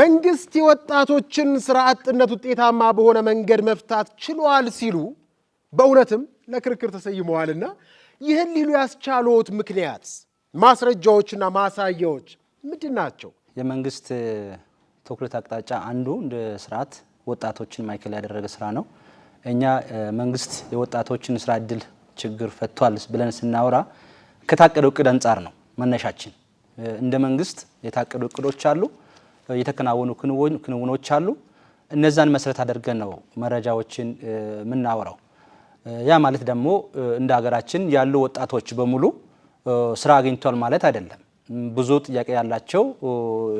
መንግስት የወጣቶችን ስራ አጥነት ውጤታማ በሆነ መንገድ መፍታት ችሏል ሲሉ በእውነትም ለክርክር ተሰይመዋልና ይህን ሊሉ ያስቻሉት ምክንያት ማስረጃዎችና ማሳያዎች ምንድን ናቸው? የመንግስት ትኩረት አቅጣጫ አንዱ እንደ ስርዓት ወጣቶችን ማዕከል ያደረገ ስራ ነው። እኛ መንግስት የወጣቶችን ስራ እድል ችግር ፈቷል ብለን ስናወራ ከታቀደው እቅድ አንጻር ነው መነሻችን። እንደ መንግስት የታቀዱ እቅዶች አሉ። የተከናወኑ ክንውኖች አሉ። እነዛን መሰረት አድርገን ነው መረጃዎችን የምናወራው። ያ ማለት ደግሞ እንደ ሀገራችን ያሉ ወጣቶች በሙሉ ስራ አግኝቷል ማለት አይደለም። ብዙ ጥያቄ ያላቸው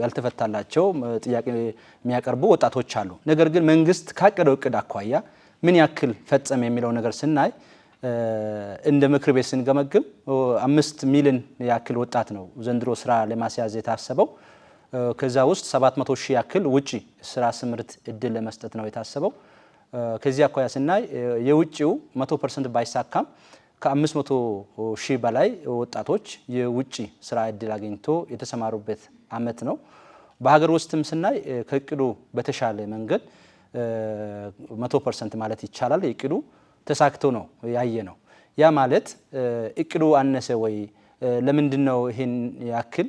ያልተፈታላቸው ጥያቄ የሚያቀርቡ ወጣቶች አሉ። ነገር ግን መንግስት ካቀደው እቅድ አኳያ ምን ያክል ፈጸመ የሚለው ነገር ስናይ እንደ ምክር ቤት ስንገመግም አምስት ሚሊዮን ያክል ወጣት ነው ዘንድሮ ስራ ለማስያዝ የታሰበው። ከዛ ውስጥ 700 ሺህ ያክል ውጪ ስራ ስምርት እድል ለመስጠት ነው የታሰበው። ከዚህ አኳያ ስናይ የውጭው 100 ባይሳካም ከ500 ሺህ በላይ ወጣቶች የውጭ ስራ እድል አግኝቶ የተሰማሩበት አመት ነው። በሀገር ውስጥም ስናይ ከእቅዱ በተሻለ መንገድ 100 ማለት ይቻላል እቅዱ ተሳክቶ ነው ያየ ነው። ያ ማለት እቅዱ አነሰ ወይ ለምንድን ነው ይሄን ያክል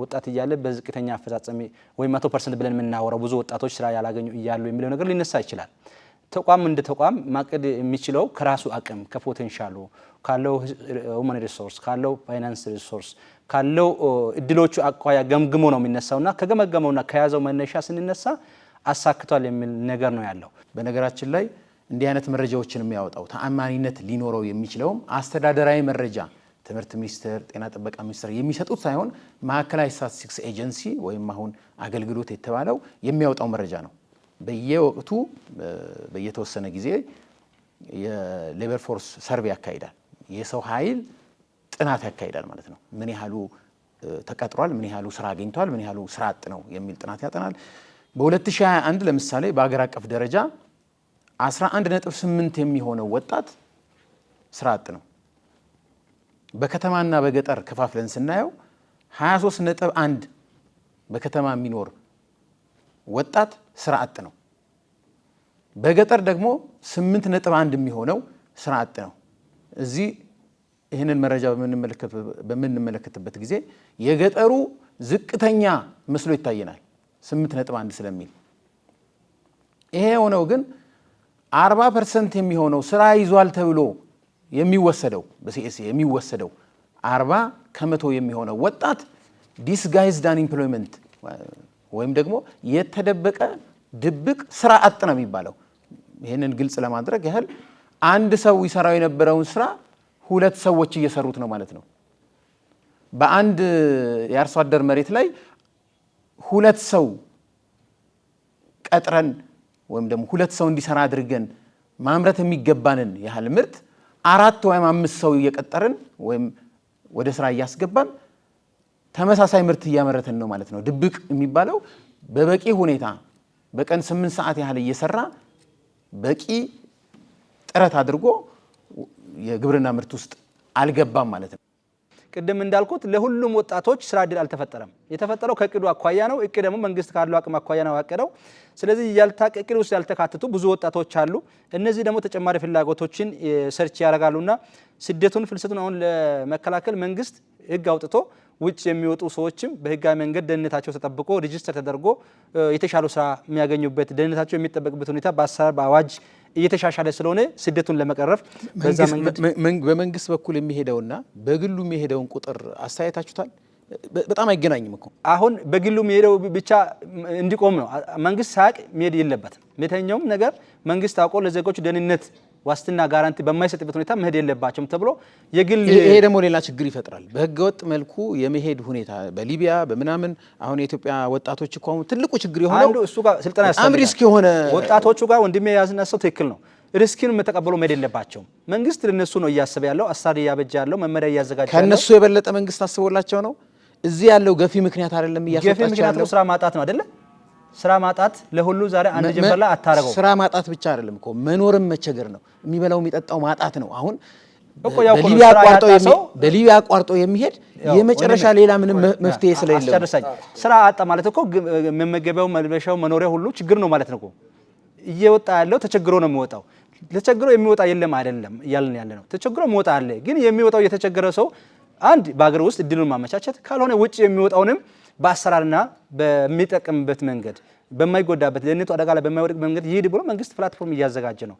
ወጣት እያለ በዝቅተኛ አፈጻጸሚ ወይም መቶ ፐርሰንት ብለን የምናወረው ብዙ ወጣቶች ስራ ያላገኙ እያሉ የሚለው ነገር ሊነሳ ይችላል። ተቋም እንደ ተቋም ማቀድ የሚችለው ከራሱ አቅም ከፖቴንሻሉ ካለው ሁማን ሪሶርስ ካለው ፋይናንስ ሪሶርስ ካለው እድሎቹ አኳያ ገምግሞ ነው የሚነሳውና ከገመገመውና ከያዘው መነሻ ስንነሳ አሳክቷል የሚል ነገር ነው ያለው። በነገራችን ላይ እንዲህ አይነት መረጃዎችን የሚያወጣው ተአማኒነት ሊኖረው የሚችለውም አስተዳደራዊ መረጃ ትምህርት ሚኒስቴር፣ ጤና ጥበቃ ሚኒስቴር የሚሰጡት ሳይሆን ማዕከላዊ ስታቲስቲክስ ኤጀንሲ ወይም አሁን አገልግሎት የተባለው የሚያወጣው መረጃ ነው። በየወቅቱ በየተወሰነ ጊዜ የሌበር ፎርስ ሰርቬ ያካሂዳል። የሰው ኃይል ጥናት ያካሂዳል ማለት ነው። ምን ያህሉ ተቀጥሯል፣ ምን ያህሉ ስራ አግኝቷል፣ ምን ያህሉ ስራ አጥ ነው የሚል ጥናት ያጠናል። በ2021 ለምሳሌ በአገር አቀፍ ደረጃ 11.8 የሚሆነው ወጣት ስራ አጥ ነው። በከተማና በገጠር ከፋፍለን ስናየው 23 ነጥብ አንድ በከተማ የሚኖር ወጣት ስራ አጥ ነው። በገጠር ደግሞ 8 ነጥብ አንድ የሚሆነው ስራ አጥ ነው። እዚህ ይህንን መረጃ በምንመለከትበት ጊዜ የገጠሩ ዝቅተኛ መስሎ ይታየናል፣ 8 ነጥብ አንድ ስለሚል ይሄ የሆነው ግን 40 ፐርሰንት የሚሆነው ስራ ይዟል ተብሎ የሚወሰደው በሲኤስ የሚወሰደው አርባ ከመቶ የሚሆነው ወጣት ዲስጋይዝድ ኢምፕሎይመንት ወይም ደግሞ የተደበቀ ድብቅ ስራ አጥ ነው የሚባለው። ይህንን ግልጽ ለማድረግ ያህል አንድ ሰው ይሰራው የነበረውን ስራ ሁለት ሰዎች እየሰሩት ነው ማለት ነው። በአንድ የአርሶ አደር መሬት ላይ ሁለት ሰው ቀጥረን ወይም ደግሞ ሁለት ሰው እንዲሰራ አድርገን ማምረት የሚገባንን ያህል ምርት አራት ወይም አምስት ሰው እየቀጠርን ወይም ወደ ስራ እያስገባን ተመሳሳይ ምርት እያመረትን ነው ማለት ነው። ድብቅ የሚባለው በበቂ ሁኔታ በቀን ስምንት ሰዓት ያህል እየሰራ በቂ ጥረት አድርጎ የግብርና ምርት ውስጥ አልገባም ማለት ነው። ቅድም እንዳልኩት ለሁሉም ወጣቶች ስራ እድል አልተፈጠረም። የተፈጠረው ከእቅዱ አኳያ ነው። እቅድ ደግሞ መንግስት ካለው አቅም አኳያ ነው ያቀደው። ስለዚህ እቅድ ውስጥ ያልተካተቱ ብዙ ወጣቶች አሉ። እነዚህ ደግሞ ተጨማሪ ፍላጎቶችን ሰርች ያደርጋሉና ስደቱን፣ ፍልሰቱን አሁን ለመከላከል መንግስት ህግ አውጥቶ ውጭ የሚወጡ ሰዎችም በህጋዊ መንገድ ደህንነታቸው ተጠብቆ ሪጅስተር ተደርጎ የተሻሉ ስራ የሚያገኙበት ደህንነታቸው የሚጠበቅበት ሁኔታ በአሰራር በአዋጅ እየተሻሻለ ስለሆነ ስደቱን ለመቀረፍ በዛ መንገድ በመንግስት በኩል የሚሄደውና በግሉ የሚሄደውን ቁጥር አስተያየታችሁታል? በጣም አይገናኝም እኮ አሁን በግሉ የሚሄደው ብቻ እንዲቆም ነው። መንግስት ሳያቅ መሄድ የለበትም። የተኛውም ነገር መንግስት አውቆ ለዜጎች ደህንነት ዋስትና ጋራንቲ በማይሰጥበት ሁኔታ መሄድ የለባቸውም ተብሎ የግል ይሄ ደግሞ ሌላ ችግር ይፈጥራል። በህገወጥ መልኩ የመሄድ ሁኔታ በሊቢያ በምናምን አሁን የኢትዮጵያ ወጣቶች እኮ ትልቁ ችግር የሆነው አንዱ እሱ ጋር ስልጠና ያስፈልጋል። ሪስክ የሆነ ወጣቶቹ ጋር ወንድሜ የያዝና ሰው ትክክል ነው። ሪስኪን መተቀበሉ መሄድ የለባቸውም። መንግስት ለነሱ ነው እያሰበ ያለው አሳሪ እያበጀ ያለው መመሪያ እያዘጋጀ ያለው ከነሱ የበለጠ መንግስት አስቦላቸው ነው። እዚህ ያለው ገፊ ምክንያት አይደለም እያስወጣቸው ያለው ገፊ ምክንያት ስራ ማጣት ነው አይደለ ስራ ማጣት ለሁሉ ዛሬ አንድ ጀንበር ላይ አታረገው። ስራ ማጣት ብቻ አይደለም እኮ መኖርም መቸገር ነው። የሚበላው የሚጠጣው ማጣት ነው። አሁን በሊቢያ አቋርጦ የሚሄድ የመጨረሻ ሌላ ምንም መፍትሄ ስለሌለው ስራ አጣ ማለት እኮ መመገቢያው፣ መልበሻው፣ መኖሪያ ሁሉ ችግር ነው ማለት ነው እየወጣ ያለው ተቸግሮ ነው የሚወጣው። ተቸግሮ የሚወጣ የለም አይደለም እያልን ያለ ነው። ተቸግሮ የሚወጣ አለ። ግን የሚወጣው የተቸገረ ሰው አንድ በሀገር ውስጥ እድሉን ማመቻቸት ካልሆነ ውጭ የሚወጣውንም በአሰራርና በሚጠቅምበት መንገድ በማይጎዳበት ደህንነቱ አደጋ ላይ በማይወድቅ መንገድ ይሄድ ብሎ መንግስት ፕላትፎርም እያዘጋጀ ነው።